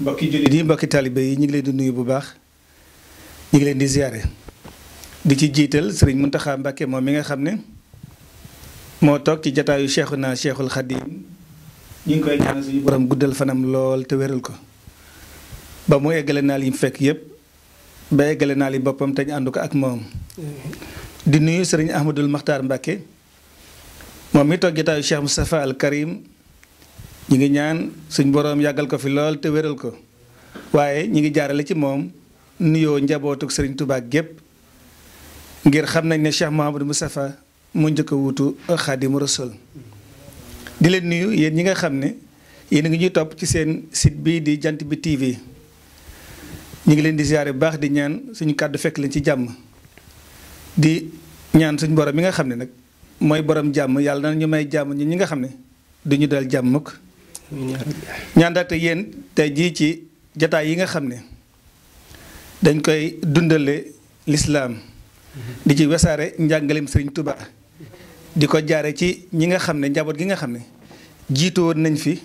mbokki mbokki talibé yi ñi ngi lay di nuyu bu baax ñi ngi lay di ziaré di ci jiital serigne Muntaxa mbacké mo mi nga xamné mo tok toog ci jataayu Cheikhuna Cheikhul khadim ñi ngi koy ñaanal suñu borom guddal fanam lool te wéral ko ba mo eggale naal yi mu fekk yépp ba eggale naal yi bopam tañ andu ko ak mom di nuyu serigne Ahmadul makhtar mbacké mo mi toog jataayu Cheikh mustafa Al Karim ñi ngi ñaan suñ borom yagal ko fi lol te wëral ko waaye ñi ngi jaarale ci mom nuyo njabootuk serigne Touba gep ngir xamnañ ne Cheikh mohammed Moustapha mu ñëk wutu khadim Xaadimu Rasul di leen nuyu yeen ñi nga xamne yeen ngi ñuy top ci seen site bi di jant bi TV ñi ngi leen di ziaré bax di ñaan suñ kaddu fekk leen ci jamm di ñaan suñ borom mi nga xamne nak moy borom jamm yalla na ñu may jamm ñi nga xamne duñu dal jamuk. ko ñaan daate yéen tey jii ci jataay yi nga xam ne dañ koy dundale lislaam di ci wesaare njàngaleem sëriñ tubaa di ko jaare ci ñi nga xam ne njaboot gi nga xam ne jiitu woon nañ fi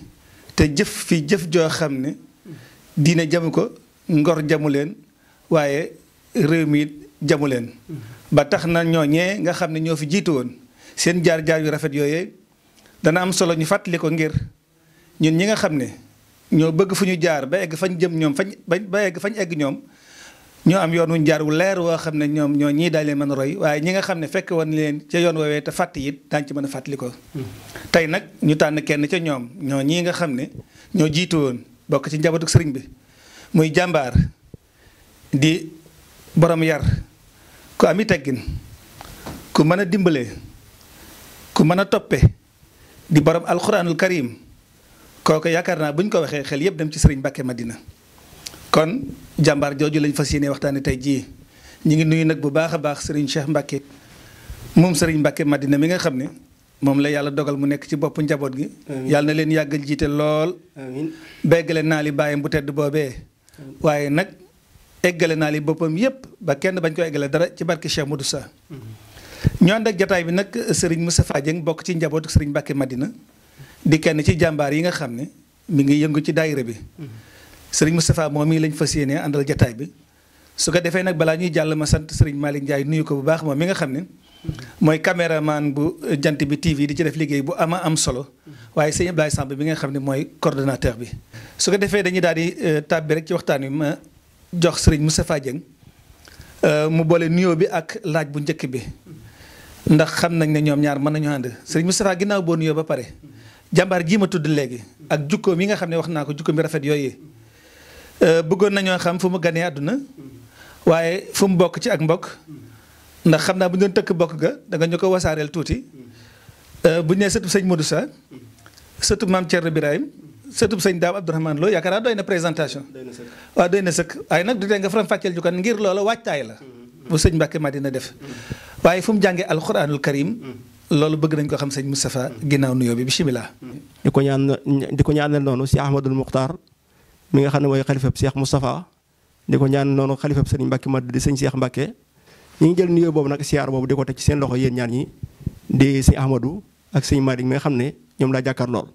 te jëf fi jëf joo xam ne diine jamu ko ngor jamu leen waaye réew miit jamu leen ba tax na ñooñee nga xam ne ñoo fi jiitu woon seen jaar jaar yu rafet yooyee dana am solo ñu fàttali ko ngir ñun ñi nga xam ne ñoo bëgg fu ñu jaar ba egg fañ jëm ñoom fañ ba egg fañ egg ñoom ñoo am yoon wuñ jaar wu leer woo xam ne ñoom ñoo ñii daal leen mën a roy waaye ñi nga xam ne fekk wan leen ca yoon woowee te fàtt it daañ ci mën a fàttali ko hmm. tey nag ñu tànn kenn ca ñoom ñoo ñii nga xam ne ñoo jiitu woon bokk ci njabootu sëriñ bi muy jàmbaar di borom yar ku am ami teggin ku mën a dimbalee ku mën a toppe di borom alxuraanul karim kooku yaakaar naa bu ñu ko waxee xel yëpp dem ci sëriñ Mbacke Madina kon jàmbaar jooju lañ fas yéene waxtaane tey jii ñu ngi nuyu nag bu baax a baax sëriñ Cheikh Mbacke moom sëriñ Mbacke Madina mi nga xam ne moom la yàlla dogal mu nekk ci bopp njaboot gi. yàlla na leen yàggal jiite lool. amiin naa li bàyyi bu tedd boobee. waaye nag eggale naa li boppam yépp ba kenn bañ ko eggale dara ci barke Cheikh Modou Sa. ñu ànd ak jataay bi nag sëriñ Moustapha Dieng bokk ci njabootu sëriñ Mbacke Madina. di kenn ci jambar yi nga xamne mi ngi yëngu ci daayira bi serigne mustapha momi lañ fassiyene andal jotaay bi su ko defé nak bala ñuy jall ma sant serigne malik ndjay nuyu ko bu baax moom mi nga xamne moy cameraman bu jant bi TV di ci def liggey bu ama am solo waye serigne Abdoulaye Samb bi nga xamne moy coordinateur bi. su ko defé dañuy daali euh, tabbi rek ci waxtaan yi ma jox mustapha jeng euh mu bolé nuyoo bi ak laaj bu ñëkk bi ndax xam nañ ne ñom ñaar mëna ñu and serigne mustapha bo ba pare. Jambargi gi ma tudd legi ak jukko mi nga xamne wax naa ko jukkoom yi rafet euh bëggon nañu xam fu mu ganee aduna waye fu mu bok ci ak mbok ndax xamna bu ñu tekk bok ga da nga ñuko wasarel tuti euh bu ñu nee seigne Modou Sa sëtub mam Thierno ibrahim sëtub seigne dab abdourahman Lo yakara naa doy na présentation wa doy na sëkk waaye du nga ngir lolo waccay la bu seigne Madina def mm-hmm. waye fu mu alcorane karim mm-hmm. loolu bëgg nañ ko xam sëñ Moustapha ginnaaw nuyoo bi bisimilah. di ko ñaan di ko ñaanal noonu si Ahmadul Muxtaar mi nga xam ne mooy xalifab Cheikh Moustapha di ko ñaan noonu xalifab sëñ Mbacke Mad di sëñ Cheikh Mbacke ñi ngi jël nuyoo boobu nag siyaar boobu di ko teg ci seen loxo yéen ñaar ñi di sëñ ak sëñ Malick mi nga xam ne ñoom laa jàkkaar lool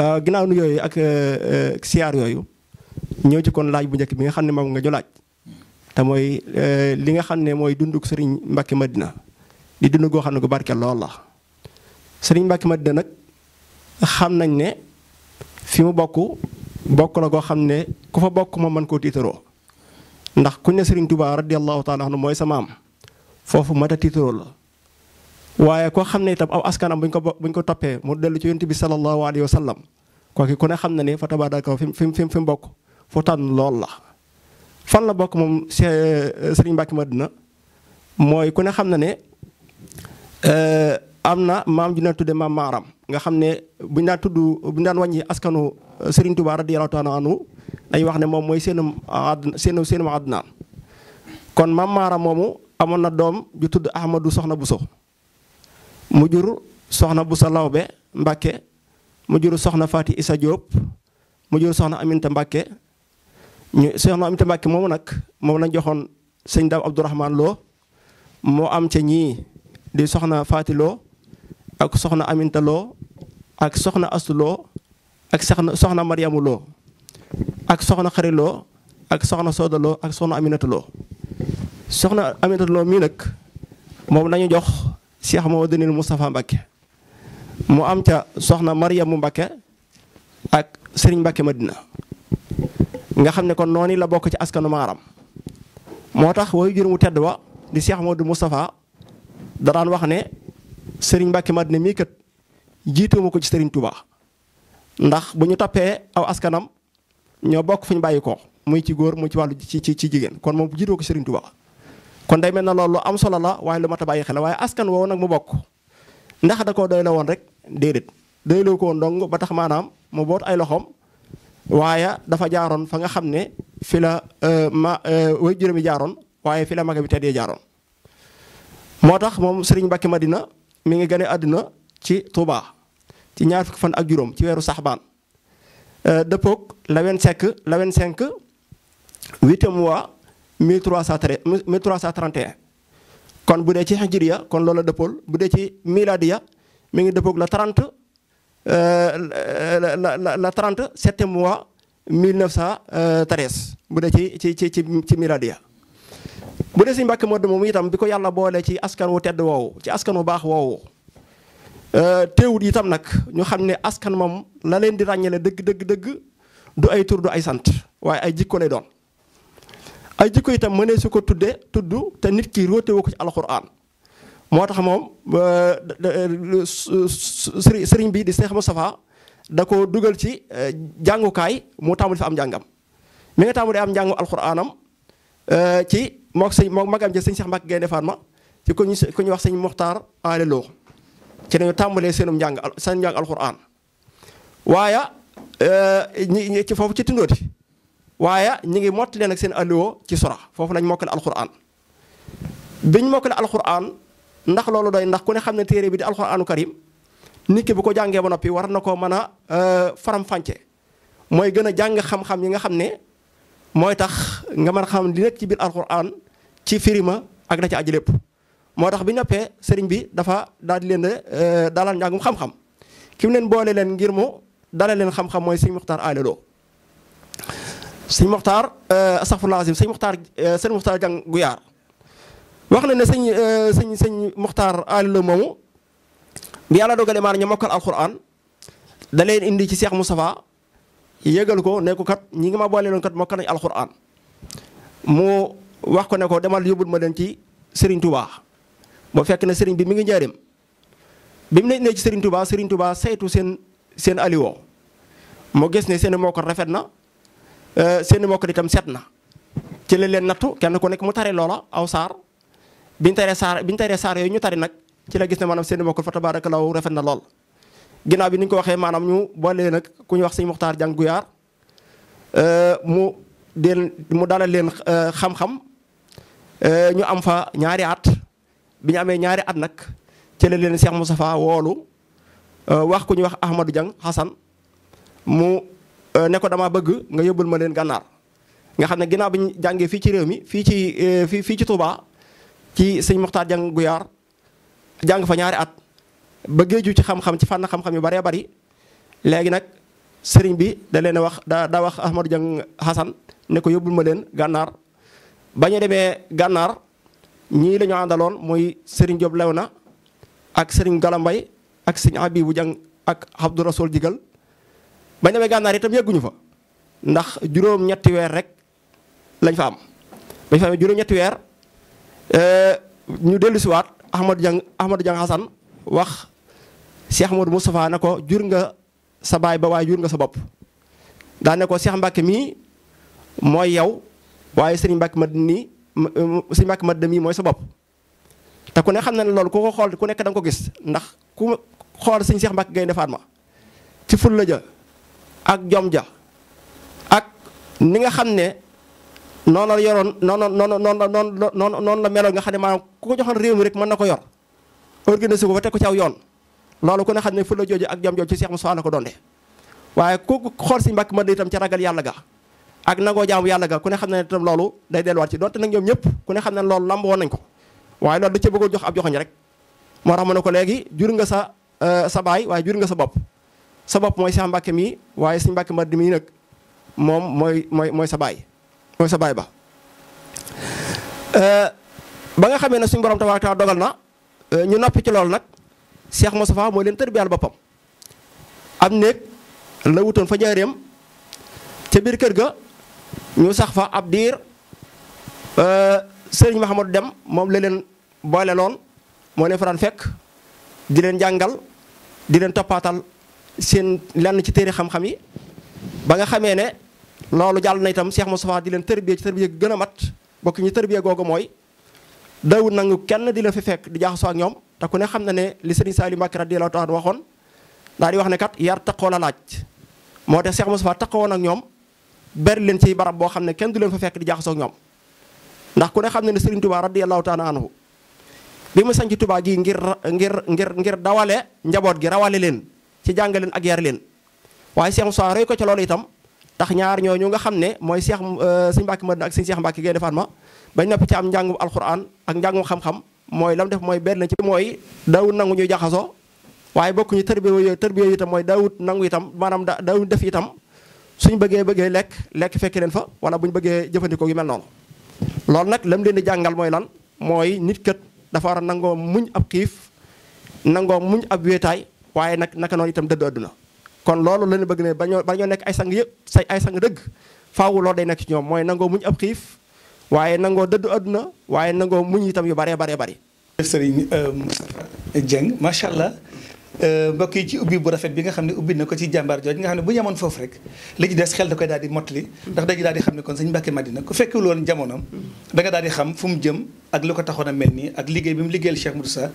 ah, ginnaaw nuyoo yooyu ak eh, eh, siyaar yooyu ñëw ci kon laaj bu njëkk bi nga xam ne moom nga ñu te mooy eh, li nga xam ne mooy dunduk sëriñ Mbacke Madina di dina koo xam ne gu barke lool la sëriñ ma Madina nag xam nañ ne fi mu bokk bokk la koo xam ne ku fa bokk ma mën koo tiitaroo ndax ku ne sëriñ Tuubaa radiyallahu taala anhu mooy sa maam foofu mat waaye koo xam ne itam aw askanam buñ ko buñ ko toppee mu dellu ci yonent bi sallallahu alayhi wa sallam xam na ne fa tabaaraka fi fi fi mu bokk fu tànn la bokk moom sëriñ Mbàkke Madina mooy ku ne xam na ne Euh, am na maam ju ñu daan tuddee maam maaram nga xam ne bu ñu daan tudd bu ñu daan wàññi askanu euh, sëriñ Touba radiyallahu ta'ala anhu dañuy wax ne moom mooy seenum àdduna seenum seenum àdduna kon maam maaram moomu amoon na doom ju tudd Ahmadou Soxna Bousso mu jur Soxna Bousso Lawbe Mbacke mu jur Soxna faati Issa Diop mu jur Soxna Aminta Mbacke ñu Soxna Aminta Mbacke moomu nag moom nañ joxoon sëñ Dame Abdourahmane loo moo am ca ñii. di soxna Faati Lo ak soxna Aminta Lo ak soxna Astu Lo ak soxna soxna Mariamu Lo ak soxna Xari ak soxna Sooda Lo ak soxna Aminata Lo soxna Aminata Lo mii nag moom lañu jox Cheikh Mawadinil Moustapha Mbakke mu am ca soxna Mariamu Mbakke ak sëriñ Mbakke Madina nga xam ne kon noonu la bokk ci askanu maaram moo tax wayu jur mu tedd wa di Cheikh Mawadou Moustapha da daan wax ne sëriñ Mbàkke Madina mii kat jiitewuma ko ci sëriñ Touba ndax bu ñu tappee aw askanam ñoo bokk fu bàyyi koo muy ci góor mu ci wàllu ci ci ci jigéen kon moom jiitoo ko sëriñ Touba kon day mel na loolu am solo la waaye lu mat a bàyyi xel waaye askan woowu nag mu bokk ndax da koo doy la woon rek déedéet doy la ko woon ba tax maanaam mu boot ay loxoom waaye dafa jaaroon fa nga xam ne fi la euh, ma euh, way juróomi jaaroon waaye fi la maga bi teddee jaaroon moo tax moom Serigne Mbacke Madina mi ngi gane àdduna ci Touba ci ñaar fukki fan ak juróom ci weeru saxbaan dëppoog la 25 la 25 8e mois 1331 kon bu dee ci hijriya kon loola dëppool bu dee ci miladiya mi ngi dëppoog la 30 la la la 37e mois bu dee ci ci ci ci miladiya bu dee sëñ moo Modu moom itam bi ko yàlla boole ci askan wu tedd woowu ci askan wu baax woowu euh, teewut itam nag ñu xam ne askan moom la leen di ràññale dëgg dëgg dëgg du ay tur ay sant waaye ay jikko lay doon ay jikko itam mënee su ko tuddee tudd te nit ki rootewu ko ci alxuraan moo tax moom euh, sëriñ bi di Seex Mustafaa da ko dugal ci euh, jàngukaay mu tàmbali fa am njàngam mi nga tàmbali am njàngu alxuraanam ci moog sañ moog magam ja sëñ Cheikh Mbacke Gaynde Fatma ci ku ñu ku ñu wax sañ Muxtaar Aale Lo ci dañu tàmbalee seenum njàng seen njàng alxuraan waaye euh, ñi ci foofu ci Tindóoti waaye ñi ngi mottalee nag seen alluwo ci sora foofu lañ mokkale alxuraan biñ mokkale alxuraan ndax loolu doy ndax ku ne xam ne téere bi di alxuraanu karim nit ki bu ko jàngee ba noppi war na koo mën a euh, faram-fànce mooy gën a jàng xam-xam yi nga xam ne mooy tax nga mën a xam li nekk ci biir alxuraan ci firima ak la ci aju lépp moo tax bi noppee sëriñ bi dafa daal di leen euh, dalal njàngum xam-xam ki mu leen boole leen ngir mu dalal leen xam-xam mooy sëñ Muxtaar Aale Lo sëñ Muxtaar euh, astaghfirullah azim sëñ Muxtaar euh, gu yaar wax na ne sëñ sëñ sëñ Muxtaar Aale Lo moomu bi yàlla dogalee maanaam ñu mokkal alquran da leen indi ci Cheikh Moustapha yëgal ko ne kat ñi ngi ma boole loon kat mokkal nañu alquran mu wax ko ne ko demal yóbbul ma leen ci Serigne Touba ba fekk na Serigne bi mi ngi njaareem bi mu ne ci Serigne Touba Serigne Touba saytu seen seen aliwoo moo gis ne seen mokkal rafet na euh, seen mokkal itam set na. ci la leen nattu kenn ku nekk mu tare loola aw saar biñ taree saar biñ taree saar yooyu ñu tari nag ci la gis ne maanaam seen mokkal fa tabaarakallaahu rafet na lool. ginnaaw bi ni ko waxee maanaam ñu boole nag ku ñu wax sëñ Muxtaar Jàng Guyaar euh, mu deel mu dalal leen euh, xam-xam. Euh, ñu am fa ñaari at bi ñu amee ñaari at nag ci la leen Cheikh Moustapha woolu euh, wax ku ñuy wax Ahmadou Diang xasan mu euh, ne ko damaa bëgg nga yóbbul ma leen gànnaar nga xam ne ginaaw bi ñu jàngee fii ci réew mi fii ci fii ci Touba ci sëñ Mokhtar Diang Guyaar jàng fa ñaari at ba géeju ci xam-xam ci fànn xam-xam yu bëree bari léegi nag sëriñ bi da leen a wax da daa wax Ahmadou Diang Hassan ne yóbbul ma leen gànnaar. ba démé demee ñi lañu andalon sering Serigne job Lewna ak Serigne Galambay ak Serigne habibou Jang ak Abdou Rasoul digal ba démé demee itam yeguñu fa ndax juróom-ñetti wër rek lañ fa am bañ fa am juróom-ñetti euh ñu si waat Ahmadou Jang Ahmadou Jang hasan wax Cheikh Modou mustapha nako ko jur nga sa bay ba way jur nga sa bop da nako Cheikh mbake mi moy yow. waaye sëriñ Mbàkke Madina nii si sëriñ Mbàkke Madina mii mooy sa bopp te ku ne xam na ne loolu ku ko xool ku nekk danga ko gis ndax ku xool sëriñ Seex Mbàkke Gaynde Fatma ci fulla ja ak jom ja ak nga xam ne noonu la yoroon noonu noonu noonu noonu noonu la meloon nga xam ne maanaam ku ko joxoon réew rek mën na ko yor organiser ko ba teg ci aw yoon loolu ku ne xam ne fulla jooju ak jom jooju ci Seex Muusaa la ko doonde waaye ku xool sëriñ Mbàkke Madina itam ca ragal yàlla ga ak nangoo jaamu yàlla ga ku ne xam ne tam loolu day delluwaat ci donte nag ñoom ñëpp ku ne xam ne loolu lamb woon nañ ko waaye loolu da ci bëggoon jox ab joxoñ rek moo tax mu ne ko léegi jur nga sa euh, sa baay waaye jur nga sa bopp sa bopp mooy Cheikh Mbacke mii waaye suñu Mbacke Madina mii nag moom mooy mooy mooy sa baay mooy sa baay ba. Euh, ba nga xamee ne suñ borom tabaaraka taala dogal na euh, ñu noppi ci loolu nag Cheikh Moustapha mooy leen tërbiyal boppam am néeg la wutoon fa njaareem biir kër ga. ñu sax fa abdir euh serigne Mahamadou Dem mom la len boole lon mo leen faraan fek di len jangal di len topatal seen lenn ci téré xam-xam yi ba nga xamé né lolu jall na itam Cheikh Moustapha di len tërbiyee ci tërbiyee gëna mat bokk ñi tërbiyee gogo moy dawu nangu kenn di la fi fek di jaxso ak ñom ta ku ne xam na né li salim Saliou Mbacké radiyallahu ta'ala waxon dal di wax né kat yar taqola laaj mo tax Cheikh Moustapha taqawon ak ñom ber leen ci barab boo xam ne kenn du leen fa fekk di jaxasoo ak ñoom ndax ku ne xam ne ne Serigne Touba radiyallahu taala anhu bi mu sanc Touba gi ngir ngir ngir ngir dawale njaboot gi rawale leen ci jàngaleen ak yar leen waaye Cheikh Moussa roy ko ca loolu itam tax ñaar ñooñu nga xam ne mooy Cheikh euh, Sëñ Mbàkke ma ak Sëñ Cheikh Mbàkke Gaynde Fatma bañ noppi ci am njàngum alquran ak njàngum xam-xam mooy lam def mooy benn ci mooy daawut nangu ñuy jaxasoo waaye bokkuñu tërbiya tërbiya itam mooy daawut nangu itam maanaam daawut def itam suñ bëggee bëggee lekk lekk fekki leen fa wala bu ñu bëggee jëfandikoo yu mel noonu loolu nag lam leen di jàngal mooy lan mooy nit kat dafa war a nangoo muñ ab xiif nangoo muñ ab wéetaay waaye nag naka noonu itam dëdd àdduna kon loolu la ñu bëgg ne bañoo bañoo nekk ay sang yëpp say ay sang dëgg faawu loolu day nekk ci ñoom mooy nangoo muñ ab xiif waaye nangoo dëdd àdduna waaye nangoo muñ itam yu baree baree bari. Serigne euh, Dieng macha allah. Euh, mbokk yi ci ubbi bu rafet bi nga xam ne ubbi na ko ci jàmbaar jooju nga xam ne bu ñamoon foofu rek li ci des xel da koy daal di mottali ndax dañu daal di xam ne kon sëñ Mbàkke Madina ku fekkul woon jamonoom da nga daal di fu mu jëm ak lu ko taxoon a mel nii ak liggéey bi mu liggéeyal Cheikh Moussa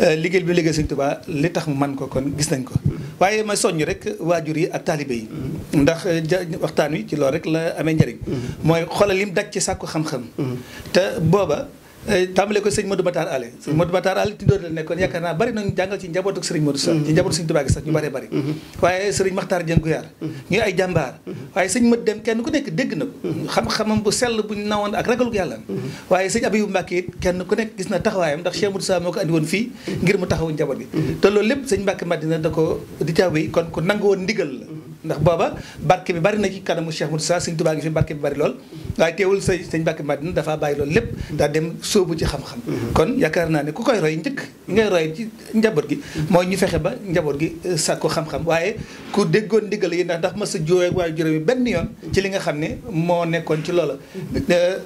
euh, liggéey bi mu liggéeyal sëñ li tax mu man ko kon gis nañ ko waaye ma soññ rek waajur yi ak taalibe yi ndax euh, waxtaan wi ci loolu rek la amee njëriñ mm-hmm. mooy xoolal mu daj ci sàkku xam-xam mm-hmm. te booba Eh, tàmbale ko sëñ Modou Matar Allé sëñ Modou Matar Allé tindoor la nekkoon yaakaar naa bari nañu jàngal ci njabootu sëriñ Modou sax mm-hmm. ci njabootu sax ñu bari bari mm-hmm. waaye sëriñ Maxtaar Jeen Guyaar mm-hmm. ñuy ay jàmbaar waaye sëñ Modou dem kenn ku nekk dégg na ko xam-xamam bu sell buñ nawoon ak ragal yàlla yàlla waaye sëñ Abibu Mbàkke it kenn ku nekk gis na taxawaayam ndax Cheikh Modou Sa moo ko andi woon fii ngir mu taxawu njaboot gi te loolu lépp sëñ Mbàkke Madina da ko di ca wéy kon ku nangu la ndax booba barke bi bari na ci kanamu Cheikh Moussa sëñ Tuubaa ngi fi barke bi bari lool waaye teewul sa sëñ bàkk Madina dafaa bàyyi loolu lépp daa dem sóobu ci xam-xam mhm. kon yaakaar naa ne ku koy roy njëkk ngay roy ci njaboot gi mhm. mooy ñu fexe ba njaboot gi euh, sàkku xam-xam waaye ku déggoon ndigal yi ndax ndax ma sa jooy waaye juróom yi benn yoon ci li nga xam ne moo nekkoon ci loola mhm. euh,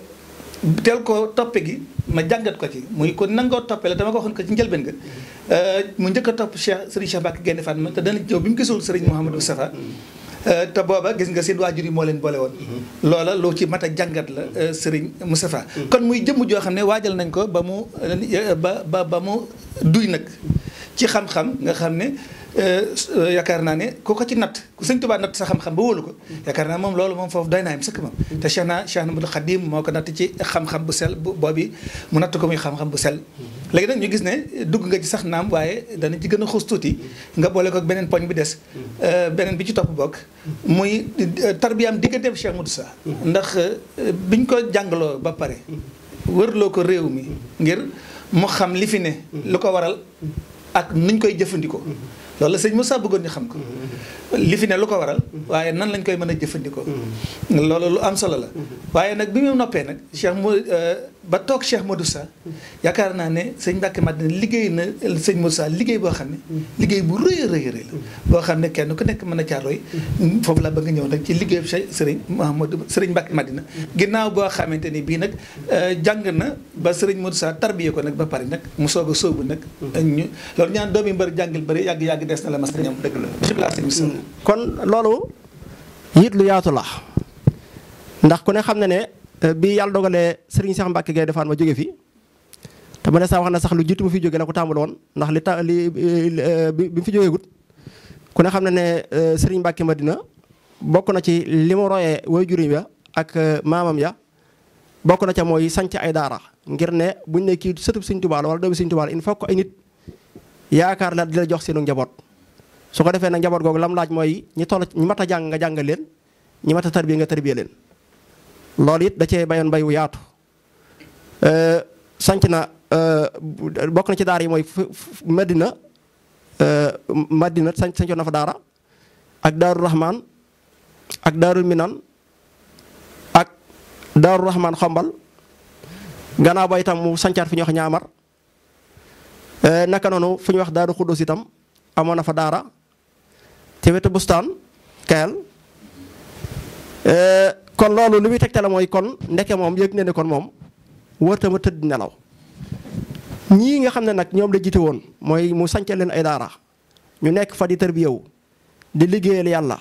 teel ko toppe gi ma jàngat ko ci muy ko nangoo toppe la dama ko waxoon ko ci njëlbeen ga euh, mu njëkk a topp Cheikh Serigne Cheikh Mbacke Gaïndé ma te dana ñëw bi mu gisul Serigne Mouhamadou Moustapha euh, te booba gis nga seen waajur yi moo leen boole woon loola lu ci mat a jàngat la euh, Serigne Moustapha kon muy jëmm joo xam ne waajal nañ ko ba mu ba ba ba mu duy nag ci xam-xam nga xam ne Euh, euh, yaakaar naa ne ku ko ci natt ku sëñ Tuubaa natt sa xam-xam ba wóolu ko yaakaar naa moom loolu moom foofu doy naa yem sëkk moom mm. te Cheikh naa Cheikh Ahmadou Khadim moo ko natt ci xam-xam bu sel boobi mu natt ko muy xam-xam bu sel mm. léegi nag ñu gis ne dugg nga ci sax naam waaye dana ci gën a xuus tuuti mm. nga boole ko beneen poñ bi des euh, beneen bi ci topp bokk muy tarbiyaam digganteem Cheikh Modou Sa ndax biñ ko jàngaloo ba pare wërloo ko réew mi ngir mu xam li fi ne lu ko waral ak nuñ koy jëfandikoo loolu la sëñ Moussa bëggoon ñu xam ko mm-hmm. li fi ne lu ko waral mm-hmm. waaye nan lañ koy mën a jëfandikoo mm-hmm. loolu lu am solo la waaye nag bi mu noppee nag Cheikh mu euh, ba toog Cheikh Modou Sa yaakaar naa ne sëñ Mbacke Madina liggéey na sëñ Modou Sa liggéey boo xam ne liggéey bu rëy rëy boo xam ne kenn ku nekk mën a caarooy foofu la bëgg nga ñëw nag ci liggéey sëriñ Mahamadou sëriñ Mbacke Madina ginnaaw boo xamante ni bii nag euh, jàng na ba sëriñ Modou Sa tarbiyee ko nag ba pare nag mu soog a sóobu nag ñu loolu ñaan doomi mbër jàngil bëri yàgg-yàgg des na la mas ñoom dëgg la bismillah sëñ bi kon loolu yit lu yaatu la ndax ku ne xam ne Euh, bi yàlla dogalee Serigne Cheikh Mbacke Gueye defaan ma jóge fi te ma ne saa wax na sax lu jiitu mu fi jóge la ko tàmbali woon ndax li ta li euh, bi mu fi jógeegut ku ne xam ne ne euh, sëriñ Serigne Mbacke Madina bokk na ci li mu royee way juriñ ya ak maamam ya bokk na ca mooy sanc ay daara ngir ne buñ ne kii sëtub Serigne Touba la wala doomi Serigne Touba la il ay nit yaakaar la di la jox seenu njaboot su ko defee na njaboot googu lam laaj mooy ñi toll ñi mat a jàng nga jànga leen ñi mat a tarbiya nga tarbiya leen loolu it da cee bayoon bay wu yaatu euh, sanc na euh, bokk na ci daar yi mooy Madina euh, Madina sancoon na fa daara ak Daaru Rahman ak Daaru Minan ak Daaru Rahman xombal gannaaw ba itam mu sancaat fi ñuy wax ñaamar naka noonu fu ñuy wax Daaru Xuddoos itam amoon na fa daara te wetu bustaan kayal kon loolu li muy tegtale mooy kon ndeke moom yëg na ne kon moom warta ma tëdd nelaw ñii nga xam ne nag ñoom la jiite woon mooy mu sànce leen ay daara ñu nekk fa di yow di liggéeyal yàlla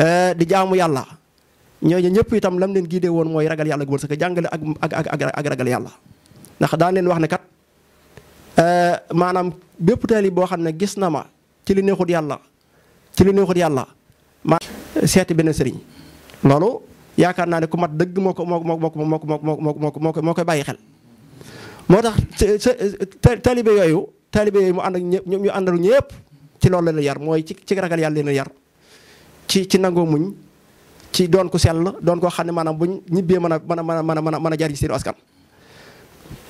eh, di jaamu yàlla ñooñu ñëpp itam lam leen giidee woon mooy ragal yàlla gu wërsëg jàngale ak ak ak ak ragal yàlla ndax daan leen wax ne kat eh, maanaam bépp taalib boo xam ne gis na ma ci li neexut yàlla ci li neexut yàlla ma seeti benn sëriñ loolu yaakaar naa ne ku mat dëgg moo ko moo ko moo ko moo ko moo ko moo ko moo koy bàyyi xel. moo tax taalibe yooyu taalibe yooyu mu ànd ak ñëpp ñu àndalu ñëpp ci loolu la la yar mooy ci ci ragal yàlla na yar ci ci nangoo muñ ci doon ko sell doon koo xam ne maanaam buñ ñibbee mën a mën a mën a mën a mën a jariñ seen askan.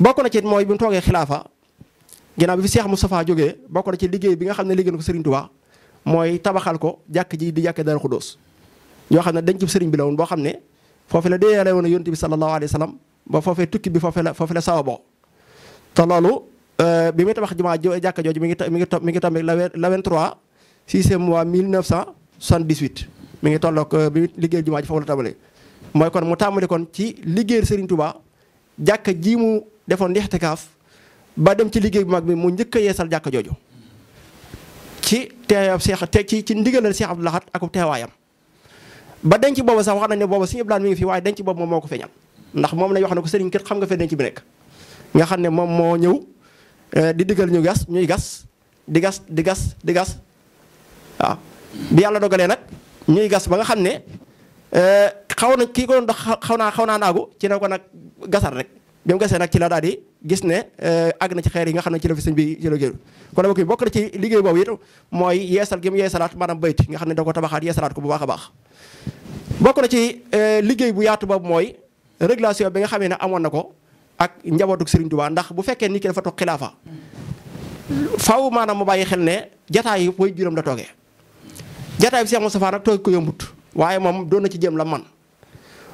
bokk na ci mooy bi mu toogee xilaafa ginnaaw bi fi Cheikh Moustapha jógee bokk na ci liggéey bi nga xam ne liggéey na ko Serigne Touba mooy tabaxal ko jàkk ji di jàkkee Darou Khoudoss yoo xam ne dañ ci sëriñ bi la woon boo xam ne foofu la dee woon yonent bi sallallahu alayhi wa sallam ba foofee tukki bi foofu la foofu la sawaboo te loolu euh, bi muy tabax jumaa jàkka jooju mi ngi mi ngi mi ngi tombé la 23 6e mois 1978 mi ngi tolloog euh, bi muy liggéeyal jumaa ji foofu la tàmbalee mooy kon mu tàmbali kon ci liggéeyal Serigne Touba jàkka ji mu defoon lixtikaaf ba dem ci liggéey bu mag bi mu njëkk a yeesal jàkka jooju ci teewaayam seex te ci ci ndigalal Seex Abdul Ahad ak teewaayam. ba denc boobu sax wax nañ ne boobu suñu Abdou Lahad mi ngi fi waaye denc boobu moom moo ko feeñal ndax moom lañ wax ne ko sëriñ kër xam nga fee denc bi nekk nga xam ne moom moo ñëw eh, di diggal ñu gas ñuy gas di gas di gas di gas nag ñuy gas ba nga xam ne eh, xaw na kii ko doon dox naa xaw naa naagu ci ne ko nag gasar rek bi mu gasee nag daal di gis ne eh, àgg na ci xeer yi ci la bi ci la géeru kon bokk bokk na ci liggéey boobu it mooy yeesal gi mu yeesalaat xam ne da ko tabaxaat yeesalaat ko bu baax a baax bokk na ci euh, liggéey bu yaatu boobu mooy régulation bi nga xamee ne amoon na ko ak njabootu sëriñ Touba ndax bu fekkee nit ki dafa toog xilaafa faaw maanaam mu bàyyi xel ne jataay booy juróom la tooge jataay bi Cheikh Moustapha nag toog ko yombut waaye moom doon na ci jëm la man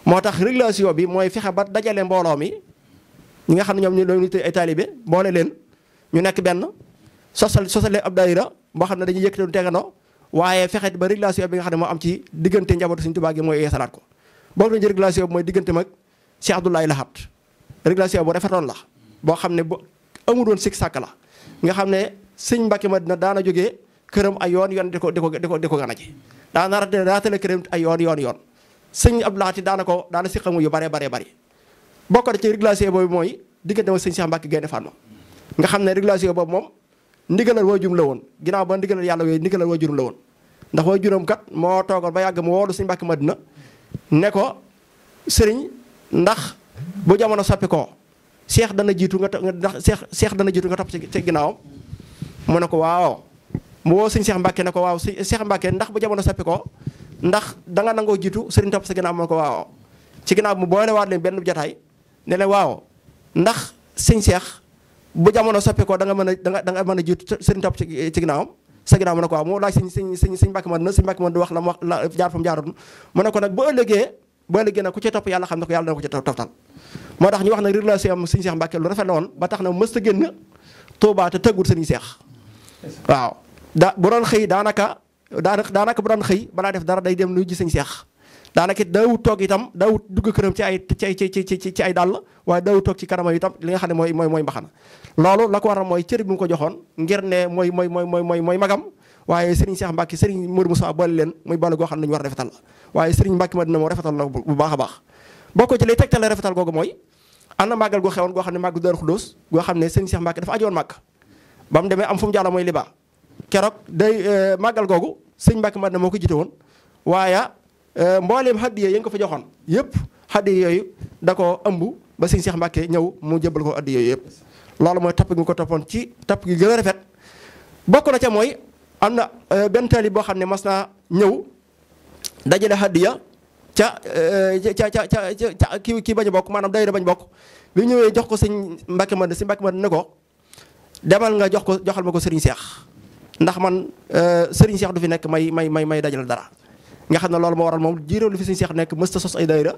moo tax régulation bi mooy fexe ba dajale mbooloo mi ñi nga xam ne ñoom ñu doon ay taalibe boole leen ñu nekk benn sosal sosale ab daayira boo xam ne dañuy yëkkati tegandoo waaye fexe ba régulation bi nga xam ne moo am ci diggante njabootu Sëriñ Tuubaa gi mooy yeesalaat ko boobu lañu régulation bi mooy diggante mag Cheikh Abdoulaye Lahat régulation bu rafetoon la boo xam ne bu amul woon sik la nga xam ne sëñ Mbàkke Madina daana jógee këram ay yoon yoon di ko di ko di ko di ko gana ji daana raatale këram ay yoon yoon yoon sëñ Abdou Lahat daana ko daana si xamu yu baree baree bëri bokk na ci régulation boobu mooy diggante ma sëñ Cheikh Mbàkke Gaynde Fatma nga xam ne régulation boobu moom ndigalal waajuram la woon ginnaaw ba ndigalal yàlla yooyu ndigalal waajuram la woon ndax juróom kat moo toogal ba yàgg mu woolu Sëriñ Mbàkke Madina ne ko sëriñ ndax bu jamono soppi koo seex dana jiitu nga ndax seex seex dana jiitu nga topp ci ginnaawam mu ne ko waaw sëñ seex Mbàkke ne ko waaw sëñ seex ndax bu jamono soppi ko ndax danga nangoo jiitu sëriñ topp sa ginnaaw mu ne ko waaw ci ginnaaw mu boole waat leen benn jataay ne leen waaw ndax sëñ seex bu jamono soppi danga mën a da mën a jiitu sëriñ topp ci ci ginnaawam sa ginnaaw mu ne ko mu laaj sëñ sëñ sëñ sëñ Mbàkke man na sëñ Mbàkke man di wax la mu wax la ne ko nag bu ëllëgee bu ëllëgee nag ku ci topp yàlla xam ne ko yàlla dana ko ci toftal moo tax ñu wax na relation am sëñ Seex Mbàkke lu rafet la ba tax na mës a génn Tuubaa te tëggul sëriñ Seex waaw da bu doon xëy daanaka daanaka bu doon xëy balaa def dara day dem nuyu ji sëñ Seex daanaka daawut toog itam daawut dugg këram ci ay ci ay ci ci ay dàll waaye daawut toog ci kanamam itam li nga xam ne mooy mooy mooy mbaxana loolu la ko waral mooy cër bi mu ko joxoon ngir ne mooy mooy mooy mooy mooy magam waaye Serigne Cheikh Mbacke Serigne Modou Moussa boole leen muy boole goo xam ne ñu war a rafetal la waaye Serigne Mbacke Madina moom rafetal la bu baax a baax bokk ci lay tegtale rafetal googu mooy am na màggal gu xewoon goo xam ne màgg Daaru Xudóos goo xam ne Serigne Cheikh Mbacke dafa ajowoon màgg ba mu demee am fu mu jàlla mooy libaa keroog day euh, màggal googu Serigne Mbacke Madina moo ko jite woon waaye Euh, mbollem hadiya yeng ko fa joxon yep hadiya yoy dako ko ba seigne Cheikh mbake ñew mu jëbal ko hadiya yep lolu moy tap gi ko topon ci tap gi gën rafet bokku na ca moy amna euh, ben talib bo xamne masna ñew dajale hadiya euh, ca ca ca ca ki ki bañ bok manam dayra bañ bok bi ñewé jox ko seigne mbake man seigne mbake man ne ko demal nga jox ko joxal mako seigne Cheikh ndax man Serigne Cheikh du fi nek may may may may dajal dara nga xam ne loolu moo waral moom jiréew lu fi suñu seex nekk mës ta sos ay daayira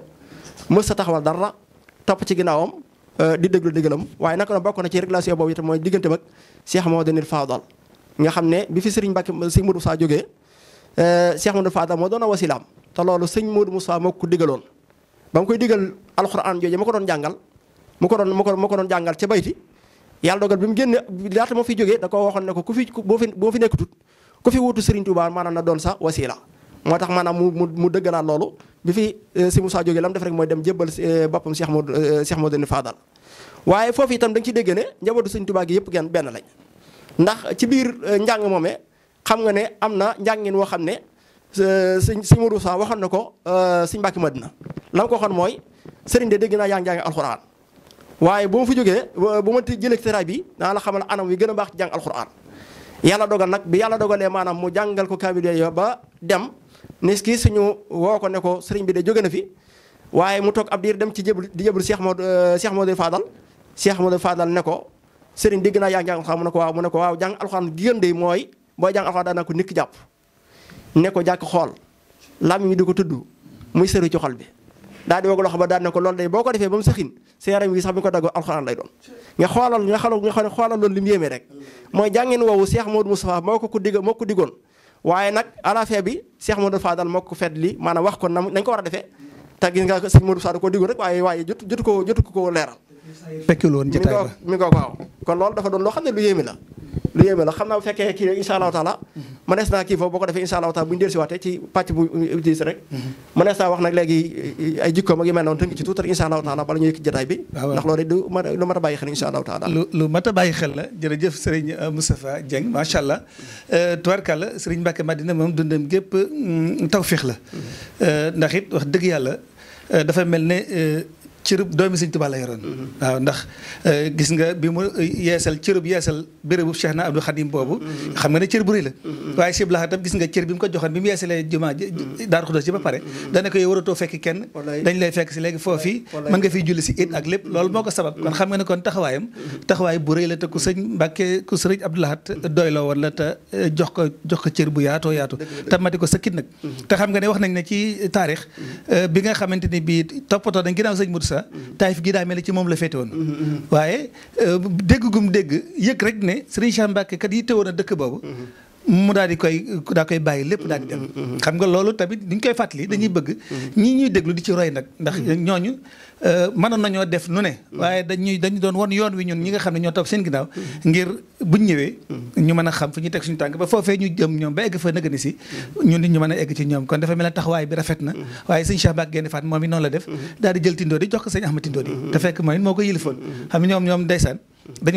mës ta taxawal dara topp ci ginnaawam euh, di déglu déggalam waaye naka na bokk na ci régulation boobu itam mooy diggante mag Cheikh Mamadou Fadal nga xam ne bi fi sëriñ Mbàkke sëñ Modou Moussa jógee Cheikh euh, Mamadou Fadal moo doon a wasilaam te loolu sëñ Modou Moussa moo ko digaloon ba mu koy digal alxuraan jooje ma ko doon jàngal mu ko doon mu ko ma ko doon jàngal ca bayti yàlla dogal bi mu génne laata moo fi jógee da ko waxoon ne ko ku fi boo fi boo fi nekkatut ku fi wuutu sëriñ Tuubaa maanaam na doon sa wasila motax manam mu mu mu dëgganaat loolu bi fi eh, si Moussa joge lam def rek moy dem jebal eh, bopam Cheikh Modou eh, Cheikh Modou ni Fadal waye fofu itam dang ci deugene njabotu seigne touba gi yep gen ben lañ ndax ci bir njang momé xam nga né amna njangine wo xamné seigne si Modou Sa waxon nako seigne bakki Madina ko xon moy seigne de deugina yang jang alquran waye bu mu fi joge bu ma jëlee teraay bi na la xamal anam wi gën bax jang alquran yalla dogal nak bi yalla dogalee manam mu jangal ko kaamil ba dem nis kii suñu woo ko ne ko sëriñ bi de jóge na fi waaye mu toog ab diir dem ci jébul di jébul Cheikh Modou euh, Cheikh Modou Fadal Cheikh Modou Fadal ne ko sëriñ dégg naa yaa ngi jàng mu ne ko waaw mu ne ko waaw jàng alxuraan gën de mooy booy jàng alxuraan daanaa ko nikk jàpp ne ko jàkk xool làmmiñ mi di ko tudd muy sëri ci xol bi daal di woog loxo ba daan ne ko loolu day boo ko defee ba mu sëxin sa yaram wi nga ko daggoo alxuraan lay doon nga xoolal nga xoolal nga xoolal loolu li mu yéemee rek mooy jàngeen woowu Cheikh Modou moo ko ko digg moo ko diggoon waaye nag à la fin bi Cheikh Modou Fadal moo ko fet li maanaam wax ko na nañ ko war a defee te gis nga sëñ Modou Fadal koo digul rek waaye waaye jot jotu ko jotu ko leeral. fekk loon jotaay ba ko ngoog kon loolu dafa doon loo xam ne lu yéeme la lu yéeme la xam naa bu fekkee kii incha allahu taala mënees naa kii foofu boo ko defee incha allahu taala bu ñu dellusiwaatee ci pàcc bu diis rek mënees naa wax nag léegi ay jikkoom ak yu mel na tënk ci tuuti rek incha allahu taala bala ñu yëkk jotaay ah lu mat a bàyyi xel incha allahu taala lu mat a bàyyi xel la jërëjëf sëriñ euh, Moustapha Dieng macha allah euh, tubarkàlla sëriñ Mbacke Madina moom dundam gépp mm, tawféex la mm-hmm. euh, ndax it wax dëgg yàlla dafa mel ne cërëb doomi sëñ Tuubaa la yoroon mhm. waaw ndax eh, gis nga bi mu yeesal cërëb yeesal bérébu na Abdou mhm. Mhm. cër bu rëy la waaye Cheikh Blaha tam gis nga cër bi mu ko joxoon bi mu yeesalee jumaa Daaru Xudoos ji ba pare dana ko waratoo fekk kenn dañ lay fekk si léegi foofu mën nga fiy julli si it ak lépp loolu moo ko sabab kon xam nga ne kon taxawaayam taxawaay bu rëy la te ku sëñ Mbàkke ku sëriñ Abdou Lahat doy la woon la te eh, jox ko jox ko cër bu yaatoo yaatu te mati ko sëkkit nag te xam nga ne wax nañ ne ci eh, bi nga xamante ni sa taayif gi da mel ci mom la féete woon waaye euh, dégg gum dégg yek rek ne serigne Cheikh Mbacke kat yitte woon a dëkk boobu mu daal di koy da koy bàyyi lépp daal di dem xam nga lolu tamit ni ngi koy fatali dañuy bëgg ñi ñuy déglu di ci roy nak ndax ñoñu Euh, mënoon nañoo def nu ne. waaye dañuy dañu doon won yoon wi ñun ñi nga xam ne ñoo topp seen ginnaaw. ngir buñ ñëwee. ñu mën a xam fu ñu teg suñu tànk ba foofee ñu jëm ñoom ba egg fa nëgëni si. ñun nit ñu mën a egg ci ñoom kon dafa mel ne taxawaay bi rafet na. waaye sëñ Cheikh moom it noonu la def. daal di jël tindoo di jox ko sëñ Ahmad tindoo di. te fekk mooy moo ko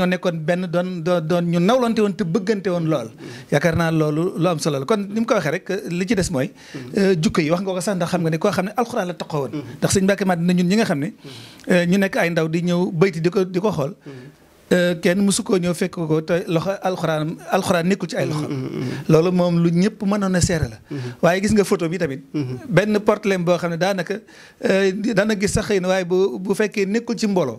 nekkoon benn doon doon ñu nawlante woon te bëggante woon lool yaakaar naa loolu lu am solo la kon ni ko waxee rek li ci des mooy euh, jukko yi wax nga ko sax ndax xam nga ne koo xam ne alxuraan la toqo woon nga xam ne Euh, ñu nekk ay ndaw di ñëw bayti di ko di ko xool. Mm-hmm. Euh, kenn mësu koo ñëw fekk ko te loxo alxuraan alxuraan nekkul ci ay loxo. Mm-hmm. Mm-hmm. loolu moom lu ñëpp mënoon a seere la. waaye gis nga photo bi tamit. benn problème boo xam ne daanaka euh, daanaka gis sa xëy na waaye bu bu fekkee nekkul ci mbooloo.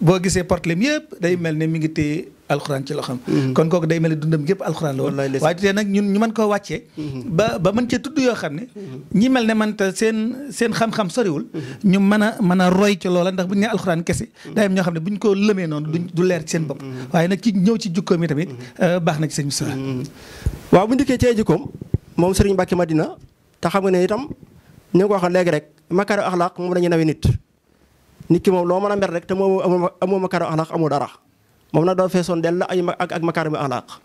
boo gisee problème yëpp day mel ne mi ngi téye. alxuraan ci loxoom mm-hmm. kon kooku day mel ni dundam gépp alxuraan la woon waaye tey nag ñun ñu mën koo wàccee mm-hmm. ba ba mën cee tudd yoo xam ne mm-hmm. ñi mel ne man te seen seen xam-xam soriwul ñu mën a mën a roy ci loola ndax bu ñu alxuraan kese day am ñoo xam ne bu ñu ko lëmee noonu du du leer ci seen bopp waaye nag ci ñëw ci jukkoom yi tamit euh, baax na ci sëñ waaw bu ñu dikkee ci ay jukkoom moom Serigne Mbacké Madina te xam nga ne itam ñu ngi ko waxoon léegi rek makaaro axlaaq moom la ñuy nawe nit nit ki moom loo mën a mer rek te moom amoo makaaro axlaaq amul dara moom nag dafa feesoon dell ay ak ak makaarimu axlaaq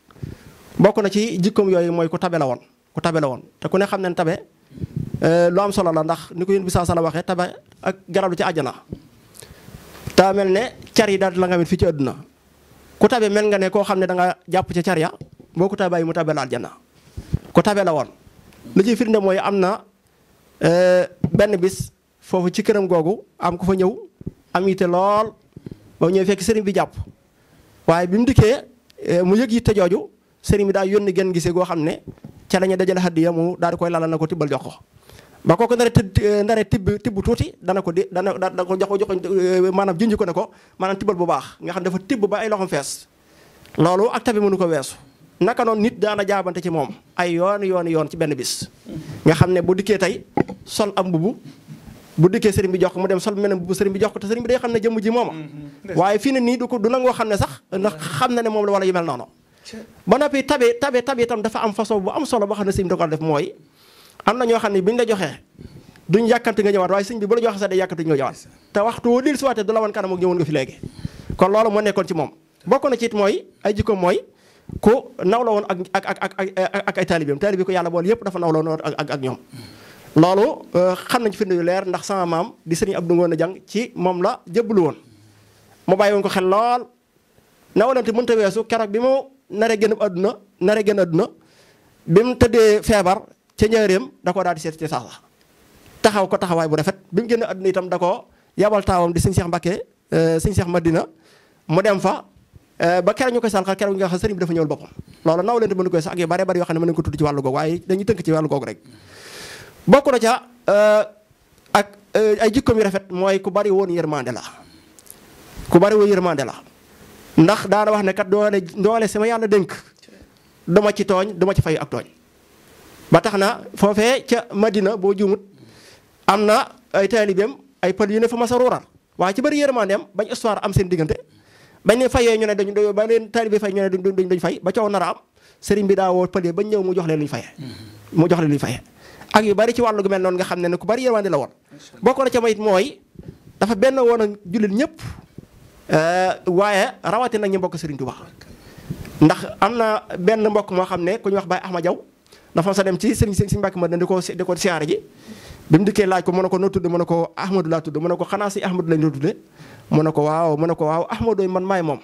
bokk na ci jikkoom yooyu mooy ku tabe la woon ku tabe la woon te ku ne xam ne tabe eh, lu am solo la ndax ni ko yéen bi saa la waxee tabe ak garab la ci àjjana taa mel ne car yi daal la nga fii ci àdduna ku tabe mel nga ne koo xam ne da nga jàpp ca car ya boo ko tabaay mu tabe la àjjana ku tabe la woon li ciy firnde mooy am na eh, benn bis foofu ci këram googu am ku fa ñëw am yite lool ba ñëw fekk bi jàpp waaye bi mu dikkee eh, mu yëg te jooju sëriñ bi daa yónni genn gisee goo xam ne ca la ñuy dajale hadiya mu daal di koy lalal na ko tibbal jox ko ba kooku ndare tibb eh, ndare tibb tibb tuuti dana ko de dana dana ko jox ko jox eh, maanaam junj ko ne ko maanaam tibbal bu baax nga xam dafa tibb ba ay loxom fees loolu ak tabi mënu ko weesu naka noon nit daana jaabante ci moom ay yoon yoon yoon ci benn bis nga xam ne bu dikkee tey sol am mbubu bu dikkee sëriñ bi jox ko mu dem sol menam bu sëriñ bi jox ko te sëriñ bi day xam ne jëmm ji mooma mm-hmm. waaye fii ne nii du ko du nangoo xam ne sax ndax xam na ne moom la wala yu mel noonu ba noppi tabe tabe tabe itam dafa am façon bu am solo boo xam ne sëriñ bi da def mooy am na ñoo xam ne bi ñu la joxee duñ yàkkamti nga ñëwaat waaye sëriñ bi bu la joxee sax day yàkkamti nga ñëwaat te waxtu woo dil suwaatee du la wan kanam ak ñëwoon nga fi léegi kon loolu moo nekkoon ci moom bokk na ci it mooy ay jikko mooy ku nawla woon ak ak ak ak ak ko yàlla bool yëpp dafa nawla woon ak ak ñoom loolu euh, xam nañ firnde leer ndax sama maam di sëriñ Abdou Ngoone Jang ci moom la jëbbalu woon mu bàyyi woon ko xel lool nawalante mënta mu nare gën àdduna bi mu tëddee feebar ca ñaareem da koo daal di ko taxawaay di sëñ Cheikh Mbacké euh, sëñ Cheikh Madina mu dem fa euh, ba keroog ñu koy sànqal keroog ñu nga xam sëriñ bi dafa ñëwal boppam loolu nawalante sax ak yu bare bari yoo xam ne mën nañu ko tudd ci wàllu googu waaye dañuy tënk ci wàllu googu rek bokk na ca euh, ak euh, ay jikkoom yu rafet mooy ku bari woon yërmande la ku bari woon yërmande la ndax daana wax ne kat doole doole sama yàlla dénk duma ci tooñ duma ci fay ak tooñ ba tax na foofee ca Madina boo juumut am na ay taalibeem ay pël yu ne fa ma sa ruural waaye ci bari yërmandeem bañ histoire am seen diggante bañ leen fayee ñu ne dañu doy ba leen taalibe fay ñu ne duñ duñ fay ba coow nara am sëriñ bi daa woo pël ba bañ ñëw mu jox leen luñ fayee mm-hmm. mu jox leen ak yu bari ci wàllu gu mel noonu nga xam ne ne ku bari yërmande la woon bokk na ca mooy dafa benn woon a jullit ñëpp euh, waaye rawatina ñu mbokk Serigne Touba ndax am na benn mbokk moo xam ne ku ñu wax Baye Ahmad Diaw dafa sa dem ci Serigne Serigne Mbacke ma di ko di ko siyaare ji bi mu dikkee laaj ko mu ne ko noo tudd mu ne ko Ahmadou laa tudd mu ne ko xanaa si Ahmadou lañ la tudde mu ne ko waaw mu ne ko waaw Ahmadou man maay moom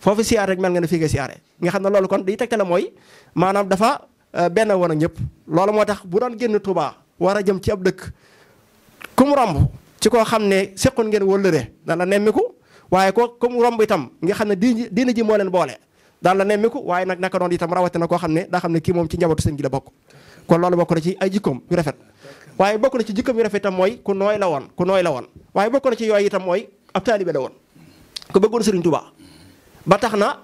foofu siyaare rek mel nga ne fii nga nga xam ne loolu kon di tegtale mooy Euh, benn woon ak ñëpp loolu moo tax bu doon génn tubaa war a jëm ci ab dëkk ku mu romb ci koo xam ne seqoon ngeen wëllëre daan la nemmiku waaye ko ku mu romb itam nga xam ne diin diina ji moo leen boole daan la nemmiku waaye nag naka noon noonu itam rawatina koo xam ne daa xam ne kii moom ci njabootu seen gi la bokk kon loolu bokk na ci ay jikkoom yu rafet waaye bokk na ci jikkoom yu rafet itam mooy ku nooy la woon ku nooy la woon waaye bokk na ci yooyu itam mooy ab taalibe woon ku bëggoon Serigne Touba ba tax na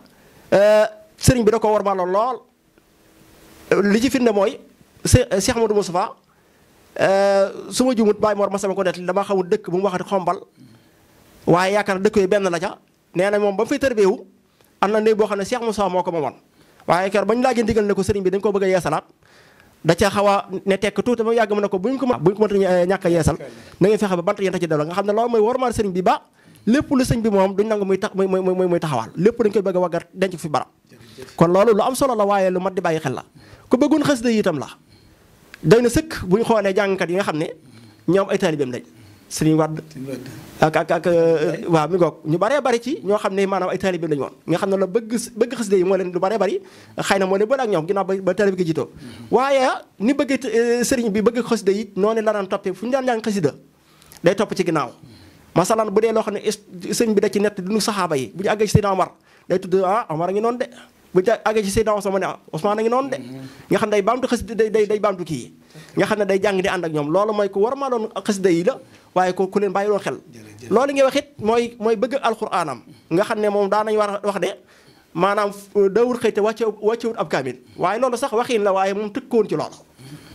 euh, Serigne bi da ko war ma lool Euh, li ci firnde mooy euh, Cheikh Amadou Moustapha euh, su ma juumut Baye Mor Masama ko net dama xamul dëkk bu mu waxati xombal waaye yaakaar dëkk yooyu benn la ca nee na moom ba mu fay tërbeewu am na néeg boo xam ne Cheikh Moustapha moo ko moomoon waaye keroog ba ñu laajee ndigal ne ko sëriñ bi dañ koo bëgg a yeesalaat da ca xaw a ne tekk tuuti ba yàgg mu ne ko buñ ko buñ ko mënta ñàkk a yeesal na ngeen fexe ba bant yenta ci delloo nga xam ne loolu mooy ba lépp lu sëñ bi moom duñ nangu muy tax muy muy muy taxawaal lépp dañ koy bëgg a waggat denc fi barab kon loolu lu am solo la waaye lu mat di bàyyi xel la ku bëggoon xasida yi itam la doy na sëkk bu ñu xoolee jàngkat yi nga xam ne ñoom ay taalibeem lañ sëriñ Wàdd ak ak euh, mi ngoog ñu baree bari ci ñoo xam ne maanaam ay taalibeem lañu woon nga xam ne la bëgg bëgg xasida yi moo leen lu baree bari xëy na moo ne bële ak ñoom ginnaaw ba taalibe gi jiitoo waaye ni bëgg euh, sëriñ bi bëgg xasida yi noonu la daan toppee fu ñu daan jàng xasida day topp ci ginnaaw masalan bu dee loo xam ne sëñ bi da ci nett duñu saxaaba yi bu ñu àggee ci Seydina Omar day tudd ah a ngi noonu de bu ñu àggee ci Seydina Osman ne ah, Osman a ngi noonu de nga xam ne day baamtu xasida day day day baamtu kii nga xam ne day jàng di ànd ak ñoom loolu mooy ko war maa doon xasida yi la waaye ko ku leen bàyyi doon xel loolu ngay wax it mooy mooy bëgg alxuraanam nga xam ne moom daanañ war wax de maanaam euh, dawul xëy te wàcce wàccewut ab kaamil waaye loolu sax waxin la waaye moom tëkkoon ci loolu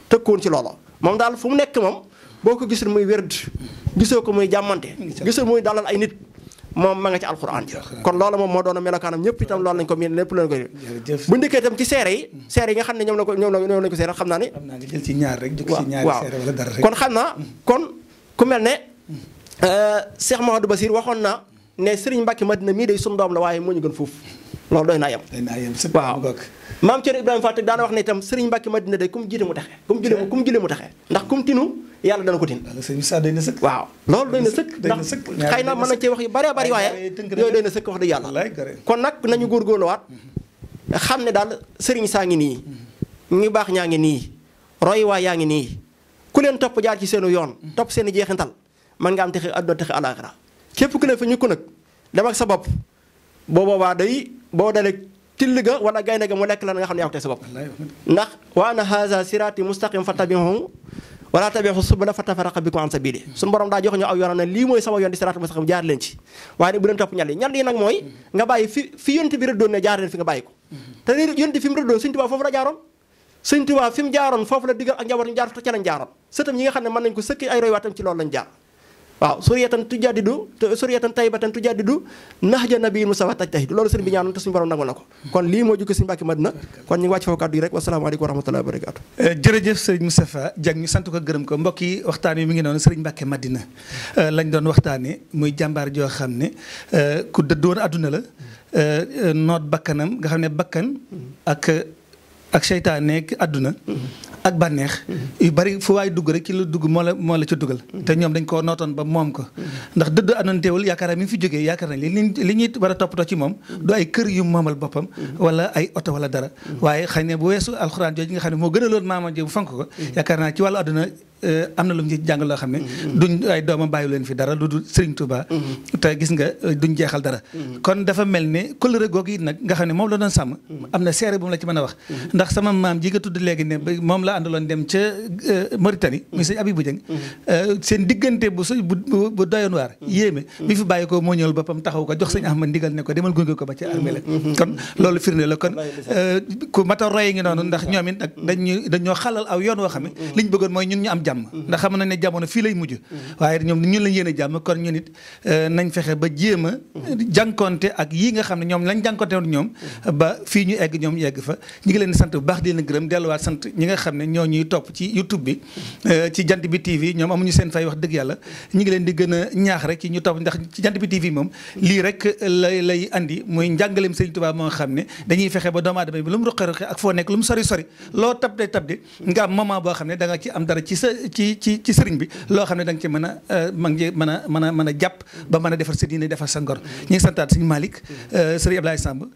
tëkkoon ci loolu moom daal fu mu nekk moom boo ko gisul muy wérd gisoo ko muy jàmmante gisoo muy dalal ay nit moom ma nga ci alxuraan ji kon loolu moom moo doon melokaanam ñëpp itam loolu lañ ko miin lépp lañ ko bu ndikkee itam ci seere yi hmm. seere yi nga xam ne ñoom la ko ñoom la seere xam naa ne waaw kon xam naa kon ku mel ne hmm. euh, Cheikh Mahamadou Basir waxoon na ne Serigne Mbacke Madina mi day sun doom la waye moo ñu gën fuuf lool doy naa yem. doy naa yem waaw maam daana wax ne tam Serigne Mbacke Madina day ku mu jiite mu taxe ku mu jëlee ku mu jëlee mu taxe ndax ku mu tinu yàlla dana ko tin waaw lool doy na sëkk ndax xëy man na ci wax yu bari bari waye yooyu doy na sëkk wax de yalla kon nak nañu gor góorgóorluwaat wat xamne dal Serigne sa ngi ni mm-hmm. ñu bax ñangi ni roy wa yaangi ni ku len top jaar ci seenu yoon mm-hmm. top seen jeexental man nga am texe àdduna texe àlaaxira képp ku ne ñu ko nag dem ak sa bopp boo boobaa day boo dalee till ga wala gaynde ga mu lekk la nga xam ne yaa ko teg sa bopp ndax wa anna haza siraati mustaqim fattabi'uhu wala tabi'u subula fattafaraqa jox ñu aw yoonam ne lii mooy sama yoon di siraati mustaqim jaar leen ci waaye nag bu leen topp ñal yi ñal yi nag mooy nga la jaaroon Sëñ ca lañ jaaroon sëtam ñi nga xam ne mën nañ ko sëkk ay roy waatam ci loolu lañ jaar waaw suriyatan tujaddidu suriyatan tayyibatan tujaddidu nahja nabiyil mustafa tajtahidu loolu sëriñ bi ñaanoon te suñu borom nangu la ko kon lii moo jukki suñu Mbàkke Madina kon ñu ngi wàcc foofu kàddu yi rek wasalaamaaleykum wa rahmatullahi wa barakaatu eh, jërëjëf sëriñ Moustapha Dieng ñu sant ko gërëm ko mbokk yi waxtaan wi mi ngi noonu sëriñ Mbàkke Madina eh, lañ doon waxtaane muy jàmbaar joo xam ne eh, ku dëddoon àdduna la noot bakkanam nga xam ne bakkan ak ak seytaan nekk àdduna ak bànneex yu bari fu waay dugg rek ci lu dugg moo la moo la ci dugal te ñoom dañ koo nootoon ba moom ko ndax dëdd anontéewul yaakaar mi fi jógee yaakaar nañ li li ñuy war a toppatoo ci moom du ay kër yu moomal boppam wala ay oto wala dara waaye xëy ne bu weesu alxuraan jooju nga xam ne moo gën a loon maama ji bu fank ko yaakaar naa ci wàllu àdduna Euh, am na lu mu ci jàng loo xam ne mm-hmm. duñ ay doomam bàyyi leen fi dara lu dul Serigne Touba mm-hmm. te gis nga euh, duñ jeexal dara mm-hmm. kon dafa mel ne kóllëre googu it nag nga xam ne moom la doon sàmm am na seere bu mu la ci mën a wax ndax sama maam ji nga tudd léegi ne moom la àndaloon dem ca euh, bu su bu bu ko demal gunge ko ba ca armée la kon loolu firnde la kon ku mata roy ngi noonu ndax ñoom it nag dañu dañoo xalal aw yoon woo xam ne liñ bëggoon mooy ñun ñu am jàmm jam ndax xam nañ ne jamono fi lay mujj waye ñom ñu lañ yéen jam kon ñu nit euh, nañ fexé ba jema jankonté ak yi nga xam ne ñoom lañ jankonté won ñom ba fi ñu egg ñom yegg fa ñi ngi leen di sant bu baax di leen gërëm delu wat sant ñi nga xam ne ñoo ñuy top ci YouTube bi euh, ci jant bi TV ñom amuñu seen fay wax deug yalla ñi ngi leen di gëna ñaax rek ci ñu top ndax ci jant bi TV mom li rek lay lay andi moy njàngaleem Sëriñ touba mo xam ne dañuy fexé ba doom adamay bi lu mu ruqe ruqe ak fo nek lu mu sori sori lo tap de tap de nga mama bo xamne da nga ci am dara ci sa ci ci ci sëriñ bi loo xam ne da nga ci mën a euh, mag ñi mën a mën a mën a jàpp ba mën a defar sa diine defar sa ngor ñu ngi santaat sëriñ Malick euh, sëriñ Ablaye Samb